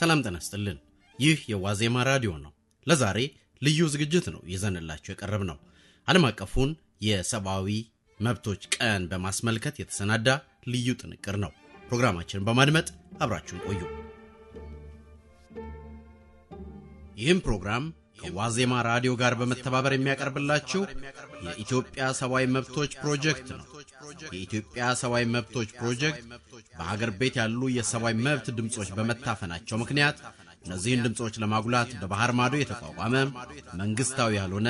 ሰላም ጠነስጥልን ይህ የዋዜማ ራዲዮ ነው። ለዛሬ ልዩ ዝግጅት ነው ይዘንላችሁ የቀረብ ነው ዓለም አቀፉን የሰብአዊ መብቶች ቀን በማስመልከት የተሰናዳ ልዩ ጥንቅር ነው። ፕሮግራማችንን በማድመጥ አብራችሁን ቆዩ። ይህም ፕሮግራም ከዋዜማ ራዲዮ ጋር በመተባበር የሚያቀርብላችሁ የኢትዮጵያ ሰብአዊ መብቶች ፕሮጀክት ነው። የኢትዮጵያ ሰብአዊ መብቶች ፕሮጀክት በሀገር ቤት ያሉ የሰብአዊ መብት ድምፆች በመታፈናቸው ምክንያት እነዚህን ድምፆች ለማጉላት በባህር ማዶ የተቋቋመ መንግስታዊ ያልሆነ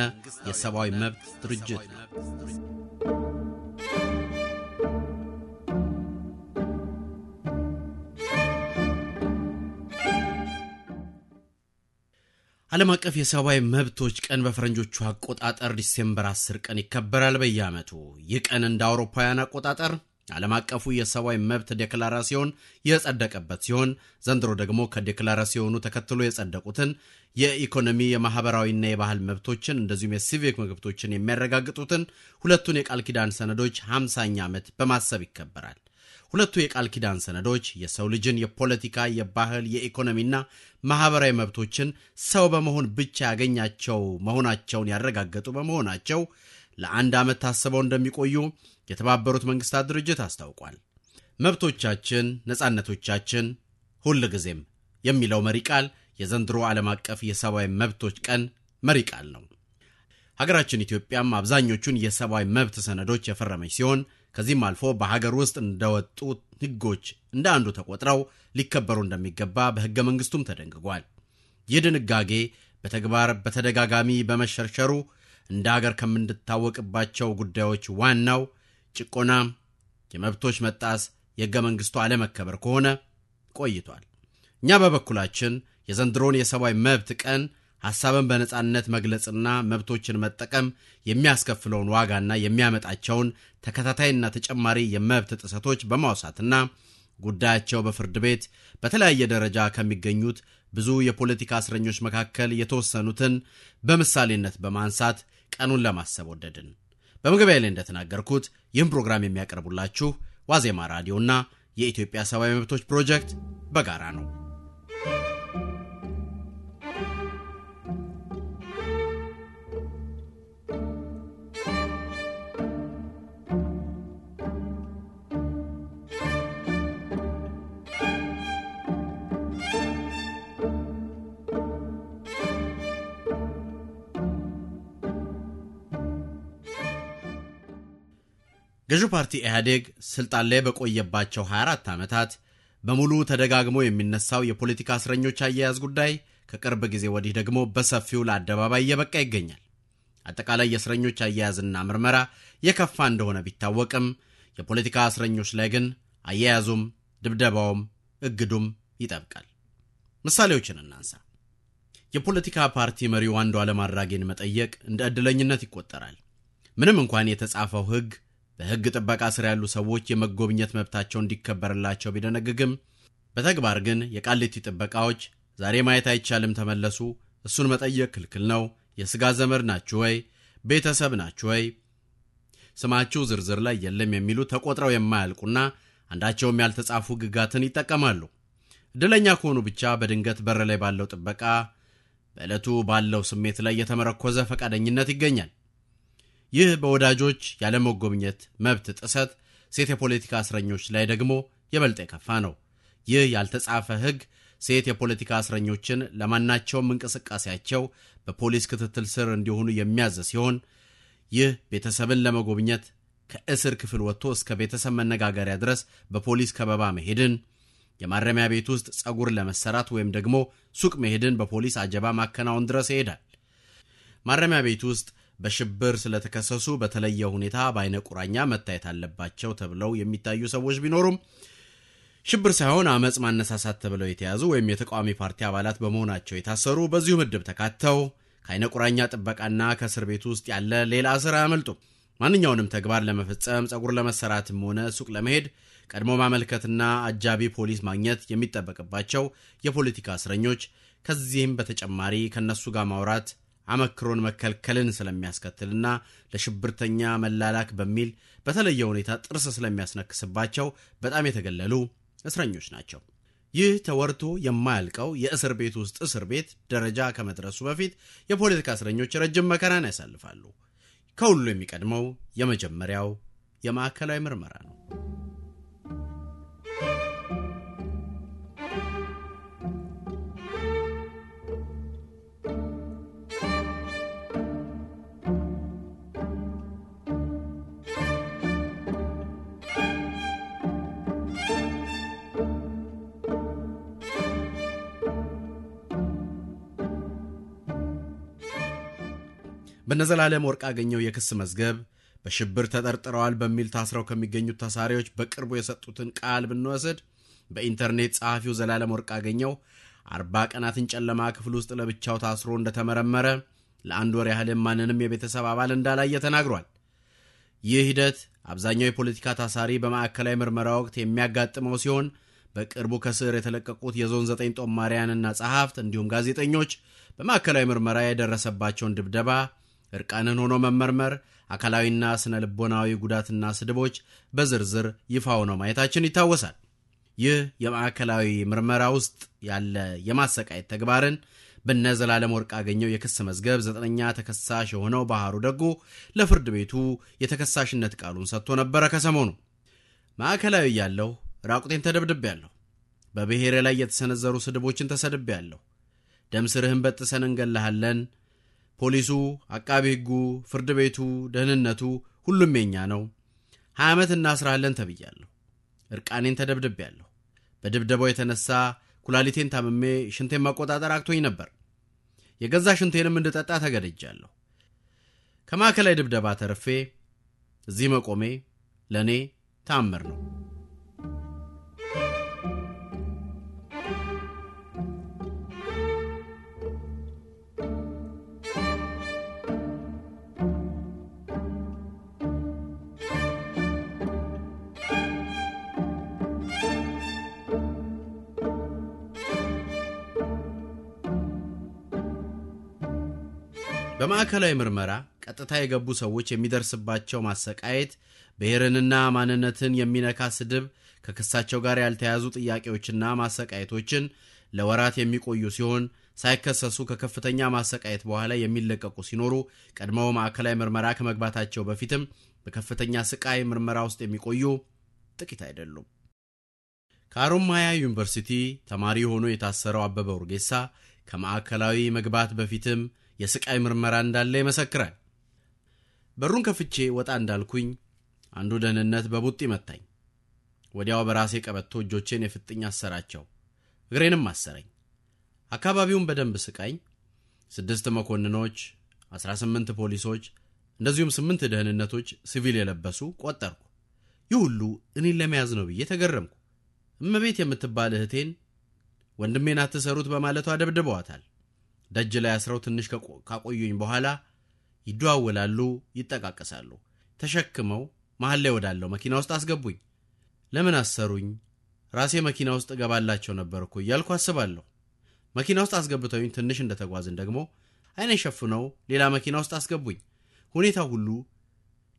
የሰብአዊ መብት ድርጅት ነው። ዓለም አቀፍ የሰብአዊ መብቶች ቀን በፈረንጆቹ አቆጣጠር ዲሴምበር 10 ቀን ይከበራል በየዓመቱ። ይህ ቀን እንደ አውሮፓውያን አቆጣጠር ዓለም አቀፉ የሰብአዊ መብት ዴክላራሲዮን የጸደቀበት ሲሆን ዘንድሮ ደግሞ ከዴክላራሲዮኑ ተከትሎ የጸደቁትን የኢኮኖሚ የማኅበራዊና የባህል መብቶችን እንደዚሁም የሲቪክ መብቶችን የሚያረጋግጡትን ሁለቱን የቃል ኪዳን ሰነዶች 50ኛ ዓመት በማሰብ ይከበራል። ሁለቱ የቃል ኪዳን ሰነዶች የሰው ልጅን የፖለቲካ፣ የባህል፣ የኢኮኖሚና ማህበራዊ መብቶችን ሰው በመሆን ብቻ ያገኛቸው መሆናቸውን ያረጋገጡ በመሆናቸው ለአንድ ዓመት ታስበው እንደሚቆዩ የተባበሩት መንግስታት ድርጅት አስታውቋል። መብቶቻችን፣ ነጻነቶቻችን ሁል ጊዜም የሚለው መሪ ቃል የዘንድሮ ዓለም አቀፍ የሰብአዊ መብቶች ቀን መሪ ቃል ነው። ሀገራችን ኢትዮጵያም አብዛኞቹን የሰብአዊ መብት ሰነዶች የፈረመች ሲሆን ከዚህም አልፎ በሀገር ውስጥ እንደወጡ ህጎች እንደ አንዱ ተቆጥረው ሊከበሩ እንደሚገባ በህገ መንግስቱም ተደንግጓል። ይህ ድንጋጌ በተግባር በተደጋጋሚ በመሸርሸሩ እንደ አገር ከምንታወቅባቸው ጉዳዮች ዋናው ጭቆና፣ የመብቶች መጣስ፣ የህገ መንግስቱ አለመከበር ከሆነ ቆይቷል። እኛ በበኩላችን የዘንድሮን የሰብአዊ መብት ቀን ሐሳብን በነጻነት መግለጽና መብቶችን መጠቀም የሚያስከፍለውን ዋጋና የሚያመጣቸውን ተከታታይና ተጨማሪ የመብት ጥሰቶች በማውሳትና ጉዳያቸው በፍርድ ቤት በተለያየ ደረጃ ከሚገኙት ብዙ የፖለቲካ እስረኞች መካከል የተወሰኑትን በምሳሌነት በማንሳት ቀኑን ለማሰብ ወደድን። በመግቢያ ላይ እንደተናገርኩት ይህም ፕሮግራም የሚያቀርቡላችሁ ዋዜማ ራዲዮና የኢትዮጵያ ሰብአዊ መብቶች ፕሮጀክት በጋራ ነው። ገዢው ፓርቲ ኢህአዴግ ስልጣን ላይ በቆየባቸው 24 ዓመታት በሙሉ ተደጋግሞ የሚነሳው የፖለቲካ እስረኞች አያያዝ ጉዳይ ከቅርብ ጊዜ ወዲህ ደግሞ በሰፊው ለአደባባይ እየበቃ ይገኛል። አጠቃላይ የእስረኞች አያያዝና ምርመራ የከፋ እንደሆነ ቢታወቅም የፖለቲካ እስረኞች ላይ ግን አያያዙም፣ ድብደባውም፣ እግዱም ይጠብቃል። ምሳሌዎችን እናንሳ። የፖለቲካ ፓርቲ መሪው አንዱዓለም አራጌን መጠየቅ እንደ ዕድለኝነት ይቆጠራል። ምንም እንኳን የተጻፈው ሕግ በሕግ ጥበቃ ስር ያሉ ሰዎች የመጎብኘት መብታቸው እንዲከበርላቸው ቢደነግግም በተግባር ግን የቃሊቲ ጥበቃዎች ዛሬ ማየት አይቻልም ተመለሱ፣ እሱን መጠየቅ ክልክል ነው፣ የሥጋ ዘመድ ናችሁ ወይ፣ ቤተሰብ ናችሁ ወይ፣ ስማችሁ ዝርዝር ላይ የለም የሚሉ ተቆጥረው የማያልቁና አንዳቸውም ያልተጻፉ ግጋትን ይጠቀማሉ። እድለኛ ከሆኑ ብቻ በድንገት በር ላይ ባለው ጥበቃ በዕለቱ ባለው ስሜት ላይ የተመረኮዘ ፈቃደኝነት ይገኛል። ይህ በወዳጆች ያለመጎብኘት መብት ጥሰት ሴት የፖለቲካ እስረኞች ላይ ደግሞ የበልጠ የከፋ ነው። ይህ ያልተጻፈ ሕግ ሴት የፖለቲካ እስረኞችን ለማናቸውም እንቅስቃሴያቸው በፖሊስ ክትትል ስር እንዲሆኑ የሚያዝ ሲሆን ይህ ቤተሰብን ለመጎብኘት ከእስር ክፍል ወጥቶ እስከ ቤተሰብ መነጋገሪያ ድረስ በፖሊስ ከበባ መሄድን፣ የማረሚያ ቤት ውስጥ ጸጉር ለመሰራት ወይም ደግሞ ሱቅ መሄድን በፖሊስ አጀባ ማከናወን ድረስ ይሄዳል። ማረሚያ ቤት ውስጥ በሽብር ስለተከሰሱ በተለየ ሁኔታ በአይነ ቁራኛ መታየት አለባቸው ተብለው የሚታዩ ሰዎች ቢኖሩም ሽብር ሳይሆን አመፅ ማነሳሳት ተብለው የተያዙ ወይም የተቃዋሚ ፓርቲ አባላት በመሆናቸው የታሰሩ በዚሁ ምድብ ተካተው ከአይነ ቁራኛ ጥበቃና ከእስር ቤት ውስጥ ያለ ሌላ እስር አያመልጡም። ማንኛውንም ተግባር ለመፈጸም ፀጉር ለመሰራትም ሆነ ሱቅ ለመሄድ ቀድሞ ማመልከትና አጃቢ ፖሊስ ማግኘት የሚጠበቅባቸው የፖለቲካ እስረኞች ከዚህም በተጨማሪ ከነሱ ጋር ማውራት አመክሮን መከልከልን ስለሚያስከትልና ለሽብርተኛ መላላክ በሚል በተለየ ሁኔታ ጥርስ ስለሚያስነክስባቸው በጣም የተገለሉ እስረኞች ናቸው። ይህ ተወርቶ የማያልቀው የእስር ቤት ውስጥ እስር ቤት ደረጃ ከመድረሱ በፊት የፖለቲካ እስረኞች ረጅም መከራን ያሳልፋሉ። ከሁሉ የሚቀድመው የመጀመሪያው የማዕከላዊ ምርመራ ነው። በነዘላለም ወርቅ አገኘው የክስ መዝገብ በሽብር ተጠርጥረዋል በሚል ታስረው ከሚገኙት ታሳሪዎች በቅርቡ የሰጡትን ቃል ብንወስድ በኢንተርኔት ጸሐፊው ዘላለም ወርቅ አገኘው አርባ ቀናትን ጨለማ ክፍል ውስጥ ለብቻው ታስሮ እንደተመረመረ ለአንድ ወር ያህልም ማንንም የቤተሰብ አባል እንዳላየ ተናግሯል። ይህ ሂደት አብዛኛው የፖለቲካ ታሳሪ በማዕከላዊ ምርመራ ወቅት የሚያጋጥመው ሲሆን በቅርቡ ከስር የተለቀቁት የዞን ዘጠኝ ጦማሪያንና ጸሐፍት እንዲሁም ጋዜጠኞች በማዕከላዊ ምርመራ የደረሰባቸውን ድብደባ እርቃንን ሆኖ መመርመር፣ አካላዊና ስነ ልቦናዊ ጉዳትና ስድቦች በዝርዝር ይፋ ሆኖ ማየታችን ይታወሳል። ይህ የማዕከላዊ ምርመራ ውስጥ ያለ የማሰቃየት ተግባርን በነ ዘላለም ወርቅ አገኘው የክስ መዝገብ ዘጠነኛ ተከሳሽ የሆነው ባህሩ ደጎ ለፍርድ ቤቱ የተከሳሽነት ቃሉን ሰጥቶ ነበረ። ከሰሞኑ ማዕከላዊ ያለሁ ራቁቴን ተደብድቤያለሁ፣ በብሔሬ ላይ የተሰነዘሩ ስድቦችን ተሰድቤያለሁ፣ ደም ስርህን በጥሰን እንገላሃለን፣ ፖሊሱ፣ አቃቢ ሕጉ፣ ፍርድ ቤቱ፣ ደህንነቱ ሁሉም የኛ ነው። ሀያ ዓመት እናስራለን ተብያለሁ። እርቃኔን ተደብድቤያለሁ። በድብደባው የተነሳ ኩላሊቴን ታምሜ ሽንቴን መቆጣጠር አቅቶኝ ነበር። የገዛ ሽንቴንም እንድጠጣ ተገደጃለሁ። ከማዕከላዊ ድብደባ ተርፌ እዚህ መቆሜ ለእኔ ተአምር ነው። በማዕከላዊ ምርመራ ቀጥታ የገቡ ሰዎች የሚደርስባቸው ማሰቃየት፣ ብሔርንና ማንነትን የሚነካ ስድብ፣ ከክሳቸው ጋር ያልተያዙ ጥያቄዎችና ማሰቃየቶችን ለወራት የሚቆዩ ሲሆን ሳይከሰሱ ከከፍተኛ ማሰቃየት በኋላ የሚለቀቁ ሲኖሩ ቀድመው ማዕከላዊ ምርመራ ከመግባታቸው በፊትም በከፍተኛ ስቃይ ምርመራ ውስጥ የሚቆዩ ጥቂት አይደሉም። ከአሮማያ ዩኒቨርሲቲ ተማሪ ሆኖ የታሰረው አበበ ውርጌሳ ከማዕከላዊ መግባት በፊትም የስቃይ ምርመራ እንዳለ ይመሰክራል። በሩን ከፍቼ ወጣ እንዳልኩኝ አንዱ ደህንነት በቡጢ መታኝ። ወዲያው በራሴ ቀበቶ እጆቼን የፍጥኝ አሰራቸው፣ እግሬንም አሰረኝ። አካባቢውን በደንብ ስቃኝ፣ ስድስት መኮንኖች፣ አስራ ስምንት ፖሊሶች እንደዚሁም ስምንት ደህንነቶች ሲቪል የለበሱ ቆጠርኩ። ይህ ሁሉ እኔን ለመያዝ ነው ብዬ ተገረምኩ። እመቤት የምትባል እህቴን ወንድሜን አትሰሩት በማለቷ ደብድበዋታል። ደጅ ላይ አስረው ትንሽ ካቆዩኝ በኋላ ይደዋወላሉ፣ ይጠቃቀሳሉ። ተሸክመው መሀል ላይ ወዳለው መኪና ውስጥ አስገቡኝ። ለምን አሰሩኝ? ራሴ መኪና ውስጥ እገባላቸው ነበር እኮ እያልኩ አስባለሁ። መኪና ውስጥ አስገብተውኝ ትንሽ እንደተጓዝን ደግሞ አይነ ሸፍነው ሌላ መኪና ውስጥ አስገቡኝ። ሁኔታ ሁሉ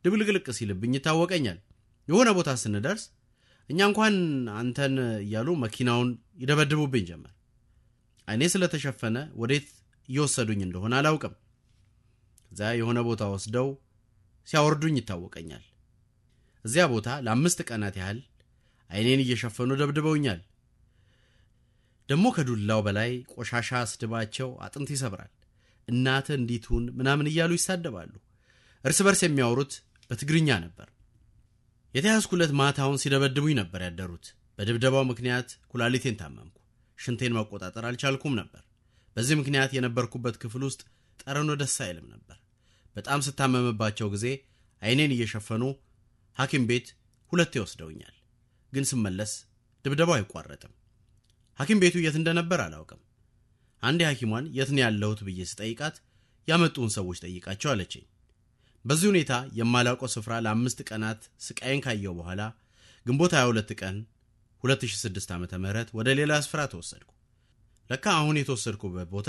ድብልቅልቅ ሲልብኝ ይታወቀኛል። የሆነ ቦታ ስንደርስ እኛ እንኳን አንተን እያሉ መኪናውን ይደበድቡብኝ ጀመር። አይኔ ስለተሸፈነ ወዴት እየወሰዱኝ እንደሆነ አላውቅም። እዚያ የሆነ ቦታ ወስደው ሲያወርዱኝ ይታወቀኛል። እዚያ ቦታ ለአምስት ቀናት ያህል አይኔን እየሸፈኑ ደብድበውኛል። ደግሞ ከዱላው በላይ ቆሻሻ ስድባቸው አጥንት ይሰብራል። እናተ እንዲቱን ምናምን እያሉ ይሳደባሉ። እርስ በርስ የሚያወሩት በትግርኛ ነበር። የተያዝኩለት ማታውን ሲደበድቡኝ ነበር ያደሩት። በድብደባው ምክንያት ኩላሊቴን ታመምኩ። ሽንቴን መቆጣጠር አልቻልኩም ነበር። በዚህ ምክንያት የነበርኩበት ክፍል ውስጥ ጠረኖ ደስ አይልም ነበር። በጣም ስታመምባቸው ጊዜ አይኔን እየሸፈኑ ሐኪም ቤት ሁለቴ ወስደውኛል። ግን ስመለስ ድብደባው አይቋረጥም። ሐኪም ቤቱ የት እንደነበር አላውቅም። አንድ ሐኪሟን የት ነው ያለሁት ብዬ ስጠይቃት ያመጡን ሰዎች ጠይቃቸው አለችኝ። በዚህ ሁኔታ የማላውቀው ስፍራ ለአምስት ቀናት ስቃይን ካየው በኋላ ግንቦት 22 ቀን 2006 ዓ ም ወደ ሌላ ስፍራ ተወሰድኩ። ለካ አሁን የተወሰድኩበት ቦታ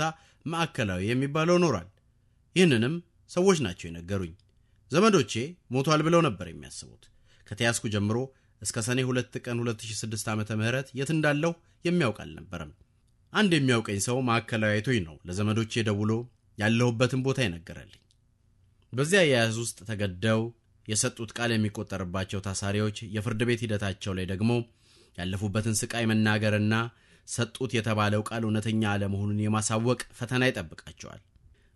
ማዕከላዊ የሚባለው ኖሯል። ይህንንም ሰዎች ናቸው የነገሩኝ። ዘመዶቼ ሞቷል ብለው ነበር የሚያስቡት። ከተያዝኩ ጀምሮ እስከ ሰኔ 2 ቀን 2006 ዓ ም የት እንዳለሁ የሚያውቅ አልነበረም። አንድ የሚያውቀኝ ሰው ማዕከላዊ አይቶኝ ነው ለዘመዶቼ ደውሎ ያለሁበትን ቦታ ይነገረልኝ። በዚያ የያዝ ውስጥ ተገደው የሰጡት ቃል የሚቆጠርባቸው ታሳሪዎች የፍርድ ቤት ሂደታቸው ላይ ደግሞ ያለፉበትን ስቃይ መናገርና ሰጡት የተባለው ቃል እውነተኛ አለመሆኑን የማሳወቅ ፈተና ይጠብቃቸዋል።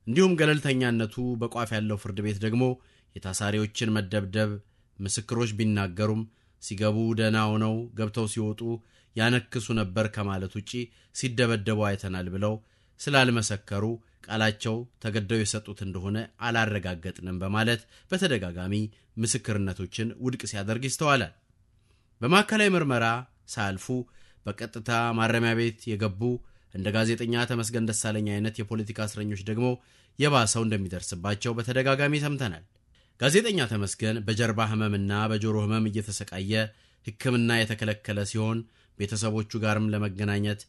እንዲሁም ገለልተኛነቱ በቋፍ ያለው ፍርድ ቤት ደግሞ የታሳሪዎችን መደብደብ ምስክሮች ቢናገሩም ሲገቡ ደህና ሆነው ገብተው ሲወጡ ያነክሱ ነበር ከማለት ውጪ ሲደበደቡ አይተናል ብለው ስላልመሰከሩ ቃላቸው ተገደው የሰጡት እንደሆነ አላረጋገጥንም በማለት በተደጋጋሚ ምስክርነቶችን ውድቅ ሲያደርግ ይስተዋላል። በማዕከላዊ ምርመራ ሳያልፉ በቀጥታ ማረሚያ ቤት የገቡ እንደ ጋዜጠኛ ተመስገን ደሳለኝ አይነት የፖለቲካ እስረኞች ደግሞ የባሰው እንደሚደርስባቸው በተደጋጋሚ ሰምተናል። ጋዜጠኛ ተመስገን በጀርባ ህመምና በጆሮ ህመም እየተሰቃየ ሕክምና የተከለከለ ሲሆን ቤተሰቦቹ ጋርም ለመገናኘት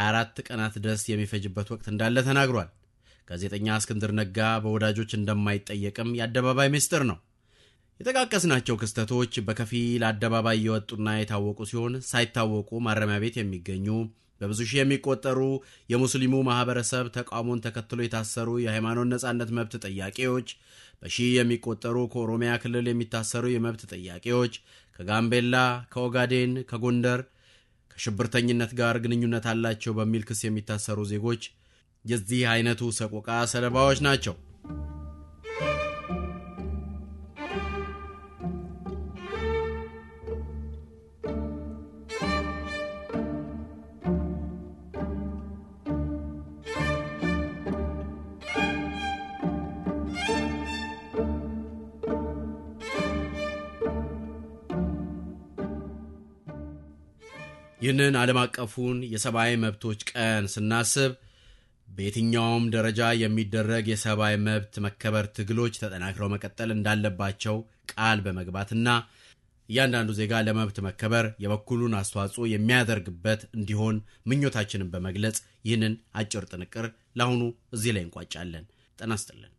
24 ቀናት ድረስ የሚፈጅበት ወቅት እንዳለ ተናግሯል። ጋዜጠኛ እስክንድር ነጋ በወዳጆች እንደማይጠየቅም የአደባባይ ምስጢር ነው። የጠቃቀስናቸው ክስተቶች በከፊል አደባባይ የወጡና የታወቁ ሲሆን ሳይታወቁ ማረሚያ ቤት የሚገኙ በብዙ ሺህ የሚቆጠሩ የሙስሊሙ ማህበረሰብ ተቃውሞን ተከትሎ የታሰሩ የሃይማኖት ነጻነት መብት ጠያቄዎች በሺህ የሚቆጠሩ ከኦሮሚያ ክልል የሚታሰሩ የመብት ጠያቂዎች፣ ከጋምቤላ፣ ከኦጋዴን፣ ከጎንደር ከሽብርተኝነት ጋር ግንኙነት አላቸው በሚል ክስ የሚታሰሩ ዜጎች የዚህ አይነቱ ሰቆቃ ሰለባዎች ናቸው። ይህንን ዓለም አቀፉን የሰብአዊ መብቶች ቀን ስናስብ በየትኛውም ደረጃ የሚደረግ የሰብአዊ መብት መከበር ትግሎች ተጠናክረው መቀጠል እንዳለባቸው ቃል በመግባትና እያንዳንዱ ዜጋ ለመብት መከበር የበኩሉን አስተዋጽኦ የሚያደርግበት እንዲሆን ምኞታችንን በመግለጽ ይህንን አጭር ጥንቅር ለአሁኑ እዚህ ላይ እንቋጫለን። ጤና ይስጥልን።